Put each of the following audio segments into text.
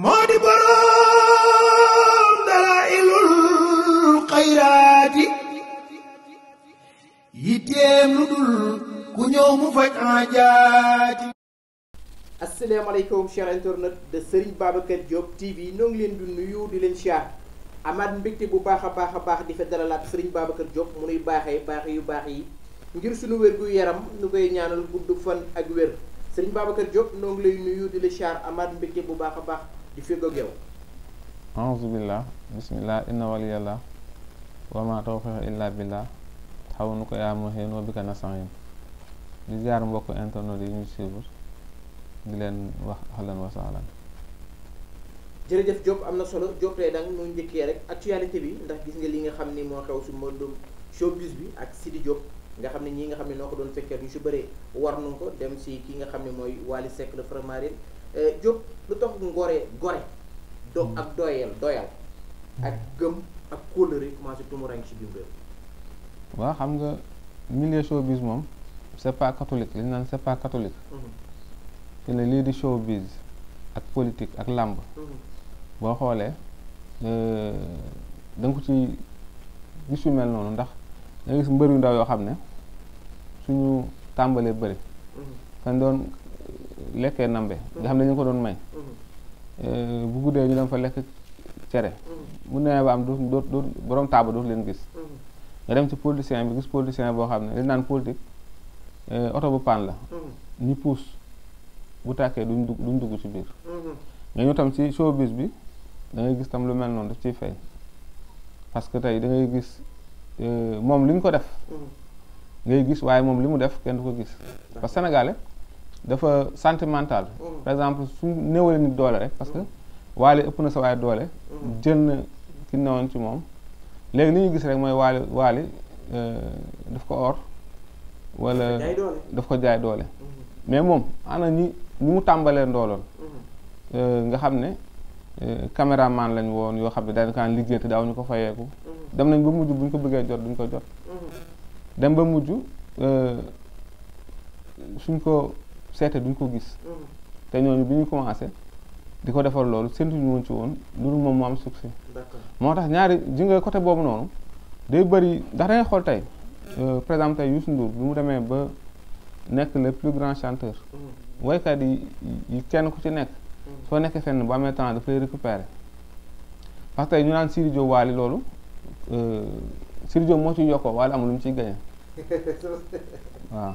moo di boroom dalailul xayraati yitteem lu dul ku ñëw mu faj aajaati asalaamaaleykum chers internautes de Serigne Babacar Diop TV ñoo leen di nuyu di leen siyaar amaat mbégte bu baax a baax a baax di fa dalalaat Serigne Babacar Diop mu nuy baaxee baax yu baax yi ngir suñu wér gu yaram nu koy ñaanal gudd fan ak wér Serigne Babacar Diop noo ngi nuyu di la siyaar amaat mbégte bu baax a baax ci feggoog yow aousubillah bisimillah inna waliyallah wa ma tawfiq illa billah xaw nu ko yaa muhin wa bika mbokk internet yi ñu suivre di leen wa sahlan jërëjëf Diop am na solo Diop tey dang ñu njëkkee bi ndax gis nga li nga xam ni moo xew si mbëndum showbiz bi ak Sidi Diop nga xam ne ñii nga xam ne noo ko doon fekkee ñu si bëree war nañ ko dem si kii nga xam ne mooy Wally Seck le Faramareen Euh, Diop lu tax ngore gore do hmm. ak doyel doyal ak hmm. gëm ak kóllëre commencé tumuraan ci biir réew xam nga milieu showbiz moom c'est pas catholique li naan c'est pas catholique te hmm. ne ak politique ak làmb xoolee euh, da ci gis yu noonu ndax da nga gis mbër yu ndaw yoo xam ne suñu tàmbalee bëri kan doon lekkee nambe nga xam ne ñu ko doon may euh, bu guddee ñu dem fa lekk cere mu mm-hmm. ne ba am du du borom taaba dootu leen gis mm-hmm. nga dem ci politicien bi gis politicien boo xam ne li naan politique euh, oto bu paan la mm-hmm. ñu puus bu tàkkee duñ dugg dugg ci biir nga ñëw tam ci showbiz bi da gis tam lu mel noonu daf ciy feeñ parce que tey dangay ngay gis euh, moom li ñu ko def ngay gis waaye moom li mu def kenn du ko gis parce que dafa sentimental mm. par exemple su néewale nit doole rek parce que waale ëpp na sa waay doole mm. jël na ki newoon ci moom léegi li ñu gis rek mooy waale waale euh, daf ko or wala daf ko jaay doole mm-hmm. mais moom ana ñi ñi mu tàmbalee ndooloon mm-hmm. euh, nga xam ne euh, caméraman lañ woon yoo xam ne dañ kaan liggéey te daaw ñu ko fayeeku mm-hmm. dem nañ ba mujj bu ñu ko bëggee jot duñ ko jot dem ba mujj suñ ko seete duñ ko gis te ñooñu bi ñu commencé di ko defar loolu séntuñu woon ci woon loolu moom mu am succès moo tax ñaari ji nga côté boobu noonu day bëri ndax da ngay xool tey par exemple tey Youssou Ndour bi mu demee ba nekk le plus grand chanteur waykat yi kenn ku ci nekk soo nekkee fenn bu amee temps dafay récupéré parce que tey ñu naan Siri Diop Wally loolu Siri Diop moo ci yokkoo Wally amul lu mu ciy gagné. waaw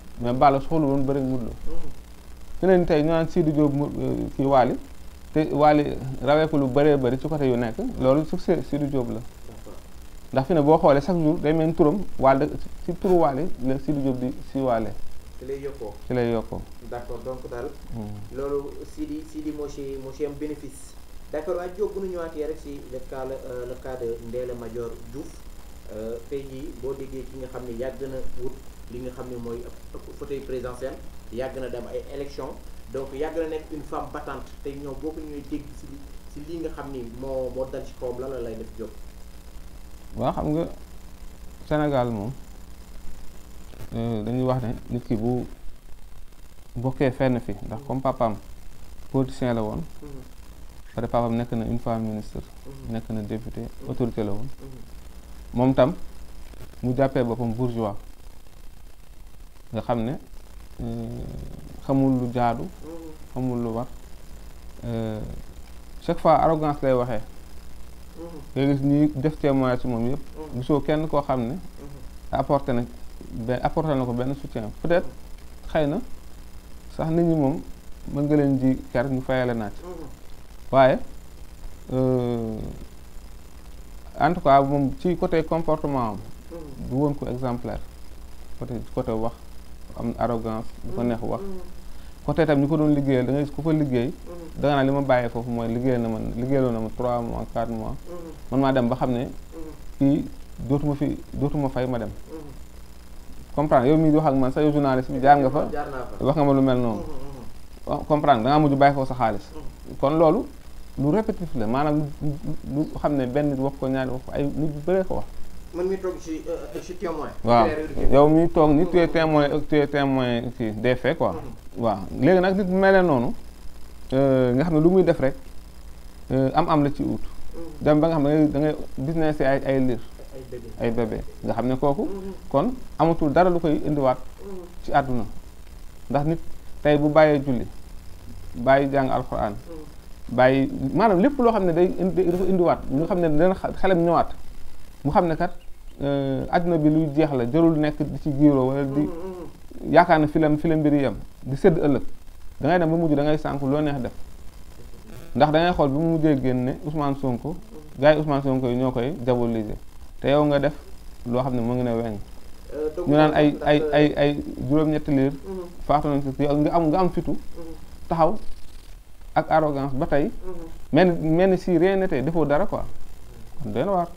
mais Balla soxla woon bëri Modou Lo fi ne ni tey ñu naan Sidy Diop mu euh, kii Waly te Waly rawee ko lu baree bari ci côté yu nekk loolu succès Sidy Diop la ndax fi ne boo xoolee chaque jour day mel turam Waly si turu Waly la Sidy Diop di si Waly ci lay yokkoo ci lay yokkoo d'accord donc daal hmm. loolu Sidy Sidy moo ci moo ci am bénéfice d'accord waaye Diop bu ñu ñëwaatee rek si le cas euh, le cas de Ndella Madior euh, tey jii boo déggee ki nga xam ne yà li nga xam ne mooy fauteuil présidentiel yàgg na dem ay élection donc yàgg na nekk une femme battante tey ñoo boo ko ñooy dégg si si lii nga xam ni moo moo dal ci kawam lan la lay def jóg waaw xam nga Sénégal moom euh, dañuy wax ne nit ki bu bokkee fenn fi ndax comme papaam politicien la woon mhm. pare papaam nekk na une fois ministre mhm. nekk na député mhm. autorité la woon moom tam mu jàppee boppam bourgeois nga xam ne euh, xamul lu jaadu xamul lu war euh, chaque fois arrogance lay waxee nga gis ñuy def témoignage si moom yëpp gisoo kenn koo xam ne apporté na benn apporté na ko benn soutien peut-être xëy na sax nit ñi moom mën nga leen di kar ñu fayale naa ci waaye euh, en tout cas moom ci côté comportement am du woon ko exemplaire côté wax am arrogance bu ko mm. neex wax côté mm. tam ñu ko doon liggéeyal da nga ku ko liggéey mm. da nga li ma bàyyee foofu mooy liggéeyal na man liggéeyaloo na ma trois mois quatre mois man maa dem ba xam ne kii dootuma fi dootuma fay ma dem comprendre yow mii di wax ak man sa yow journaliste bi jaar nga fa wax nga ma lu mel noonu oh, comprendre da ngaa mujj bàyyi foofu sa xaalis kon loolu lu répétitif la maanaam lu xam ne benn wax ko ñaari wax ko ay nit yu bëree ko man mi toog ci euh, ci témoin. waaw yow mi toog ni tu es témoin ak euh, tu es mhm. waaw léegi nag nit mel noonu euh, nga xam ne lu muy def rek am-am la ci ut. Mhm. dem ba nga xam ne da ngay business ay ay liir. ay bébé nga xam ne kooku. Mhm. kon amatul dara lu koy indiwaat. ci àdduna ndax nit tey bu bàyyee julli bàyyi jàng al alxuraan. bàyyi maanaam lépp loo xam ne day indi indiwaat ñu xam ne dana xelam ñëwaat. mu xam ne kat euh, àdduna bi luy jeex la jarul nekk di ci giiroo wala di yaakaar na fi la fi la mbir yam di sëdd ëllëg da ngay dem ba mujj da ngay sànku loo neex def ndax da ngay xool bi mu mujjee génne Ousmane Sonko gars yi Ousmane Sonko yi ñoo koy diaboliser te yow nga def loo xam ne moo ngi ne weñ ñu naan ay ay ay ay juróom-ñetti liir mm-hmm. faatu nañ si nga am nga am fitu mm-hmm. taxaw ak arrogance ba tey mm-hmm. mel ni si rien n'était defoo dara ko kon doy waar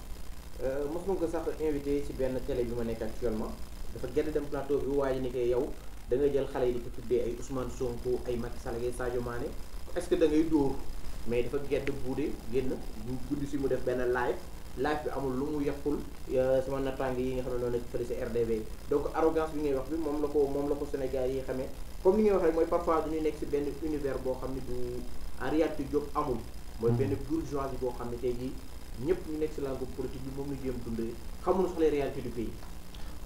Euh, mos nga ko sax invité si benn télé bi ma nekk actuellement dafa gën dem plateau bi waaye ni koy yow da nga jël xale yi di ko tuddee ay Ousmane Sonko ay Macky Sall ay Sadio Mané est-ce que da ngay dóor mais dafa gedd buude génn mu guddi si mu def benn live live bi amul lu mu yàqul euh, sama nattang yi nga xam ne noonu ci fële si RDB donc arrogance bi ngay wax bi moom la ko moom la ko Sénégal yi xamee comme ni ngay wax rek mooy parfois du ñu nekk si benn univers boo xam ne du en réalité Diop amul mooy hmm. benn bourgeoisie boo xam ne tey jii ñëpp ñu nekk si langue politique bi moom la jéem dundee xamuñu sax les réalités du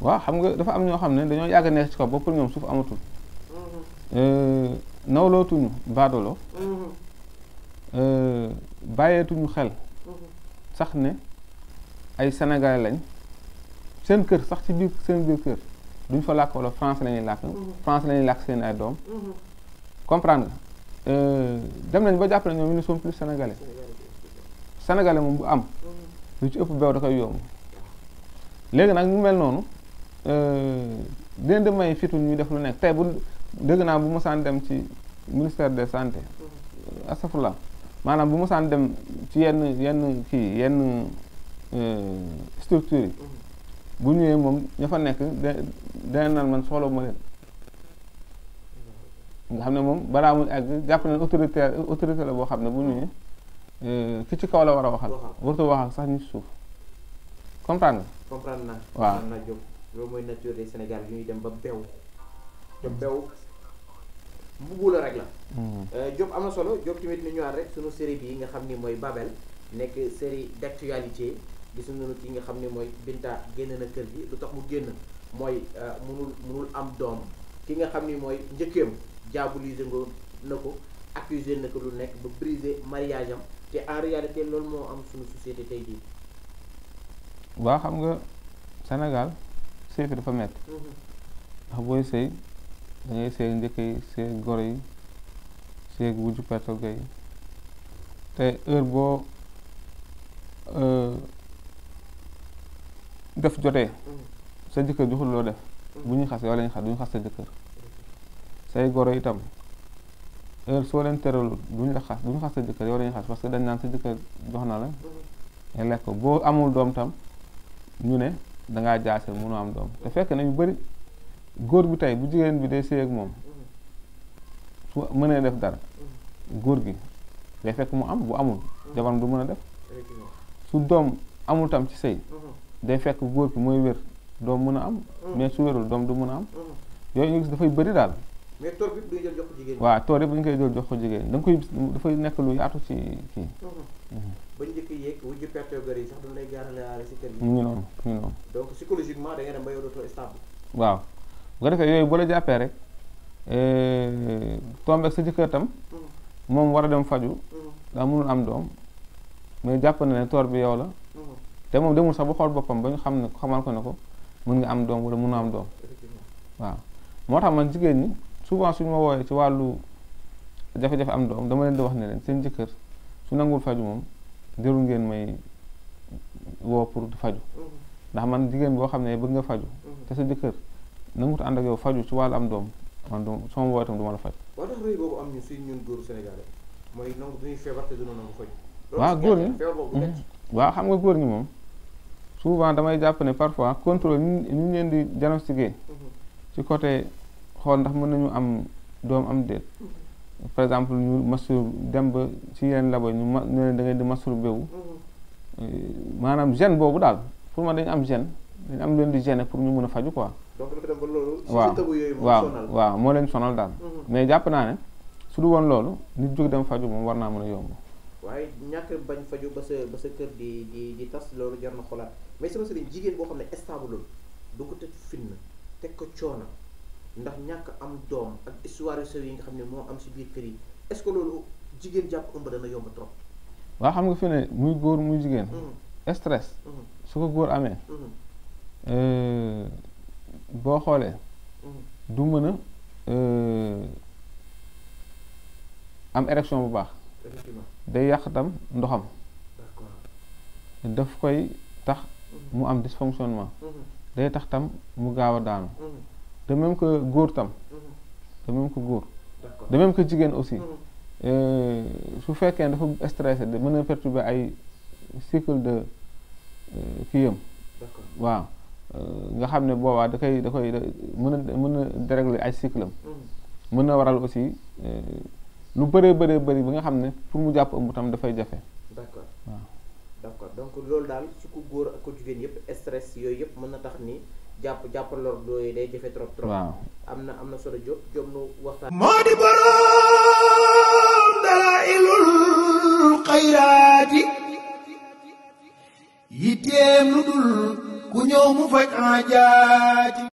waaw xam nga dafa am ñoo xam ne dañoo yàgg a nekk ci kaw ba pour ñoom suuf amatul. Mm-hmm. Euh, nawlootuñu baadoolo. Mm-hmm. Euh, bàyyeetuñu xel. Mm-hmm. sax ne ay sénégalais lañ seen kër sax ci biir seen biir kër duñ fa làkk wala français lañuy làkk. français lañuy làkk seen ay doom. comprendre euh, dem nañ ba jàpp ne ñoom ñu ne sont plus sénégalais. sénégalais moom bu am lu ci ëpp beew da koy yomb léegi nag mu mel noonu euh, dina di may fitu ñuy def lu nekk tey bu dégg naa bu mosaan dem ci ministère de santé mm-hmm. astafurlah maanaam bu mosaan dem ci yenn yenn kii yenn euh, structure yi mm-hmm. bu ñëwee moom ña fa nekk deneen naan man soxla ma leen mm-hmm. nga xam ne moom balaa mu àgg jàpp ne autorité autorité la boo xam ne bu ñëwee ki ci kaw la war a waxal. warut a waxal sax ni suuf comprendre nga. comprendre naa. waaw naa Diop loolu mooy nature des Sénégal yi ñuy dem ba bew te bew mbubu la rek la. Diop hmm. eh, am na solo Diop tamit ñu ñëwaat rek sunu série bii nga xam ni mooy Babel nekk série d' actualité gis nañu ki nga xam ni mooy Binta génn na kër gi lu tax mu génn mooy eh, munul munul am doom ki nga xam ni mooy njëkkeem jaabu lii na ko. accusé na ko lu nekk ba briser mariage am te en réalité loolu moo am suñu société tey jii. waa xam nga senegal sëy fi dafa métti. Mhm. ndax booy sëy da ngay sëy njëkk yi sëy goro yi sëy wujju pertoga yi te heure boo euh, def jotee. Mhm. sa jëkkër joxul loo def. Mhm. bu ñuy xas yow la ñuy xas ñu xas sa jëkkër. say goro itam. heure soo leen teralul duñ la xas duñ xas sa jëkkër yow dañuy xas parce que dañ naan sa jëkkër jox na la nga lekk ko boo amul doom tam ñu ne dangaa jaase mënoo am doom te fekk na ñu bëri góor bi tey bu jigéen bi day sëy ak moom su mënee def dara góor gi day fekk mu am bu amul jabaram du mën a def su doom amul tam ci sëy day fekk góor gi mooy wér doom mën a am mais su wérul doom du mën a am yooyu ñu gis dafay bëri daal mais toor bi duñ jël jox koy jël jox ko jigéen ñi da nga koy dafay nekk lu yaatu ci kii. Mhm. Mhm. bañ lay jaarale mu ngi noonu mu ngi noonu. donc psychologiquement da waaw bu ko defee yooyu boo jàppee rek eh, tombeeg sa jëkkër tam. Mhm. moom war a dem faju daa mënul am doom muy jàpp na ne toor bi yow la. te moom demul sax ba xool boppam ba ñu xam ne xamal ko ne ko mën nga am doom wala mën na am doom. waaw moo tax man jigéen ñi. souvent suñu ma wooyee ci wàllu jafe-jafe am doom dama leen di wax ne leen seen jëkkër su nangul faju moom jërul ngeen may woo pour faju mm-hmm. ndax man jigéen boo xam ne bëgg nga faju mm-hmm. te sa jëkkër nangut ànd ak yow faju ci wàllu am doom man du sama wooyee tam du ma la faj. waaw ndax rëy boobu am ñu si ñun góoru Sénégal faju. waaw góor ñi mm-hmm. waaw xam nga góor ñi moom souvent damay jàpp ne parfois contrôle ñu ñu leen di diagnostiqué ci côté xool ndax mën nañu am doom am déet par exemple ñu mastur dem ba ci yeneen labo ñu ma ne da di mastur béwu mm-hmm. eh, maanaam gêne boobu daal pour man dañu am gêne dañu am leen di gêne pour ñu mën a faju quoi donc waaw waaw moo leen sonal daal mm-hmm. mais jàpp naa ne su du woon loolu nit jóg dem faju moom war naa mën a yomb waaye ñàkk bañ faju ba sa ba sa kër di di di tas loolu jar na xolaat mais sama sëriñ jigéen boo xam ne stable du ko teg fitna teg ko coono ndax ñàkk am doom ak histoire yu sew yi nga xam ne moo am si biir kër yi est-ce que loolu jigéen jàpp ëmb dana xam nga fi muy góor muy jigéen. Mm-hmm. stress. Mm-hmm. su ko góor amee. Mm-hmm. Euh, boo xoolee. du mën a euh, am érection bu baax. day yàq tam ndoxam. daf koy tax mu am dysfonctionnement. day tax tam mu gaaw a daanu. de même que góor tam de même que góor de même que jigéen aussi mhm. su fekkee dafa stressé de mën a perturber ay cycle de euh, kiyam waaw euh, nga xam ne boobaa da koy da koy mën a mën a dérégler ay cycle am mhm. mën na waral aussi euh, lu bëree bëree bëri bi nga xam ne pour mu jàpp ëmb tam dafay jafe d'accord waaw d'accord donc loolu daal su ko góor ak ko jigéen yëpp stress yooyu yëpp mën na tax ni jàpp jàppalor dooyu day jafe trop trop am na am na solo Diop Diop nu waxtaan moo di boroom dalailul xayraati yitteem lu dul ku ñëw mu faj ajaati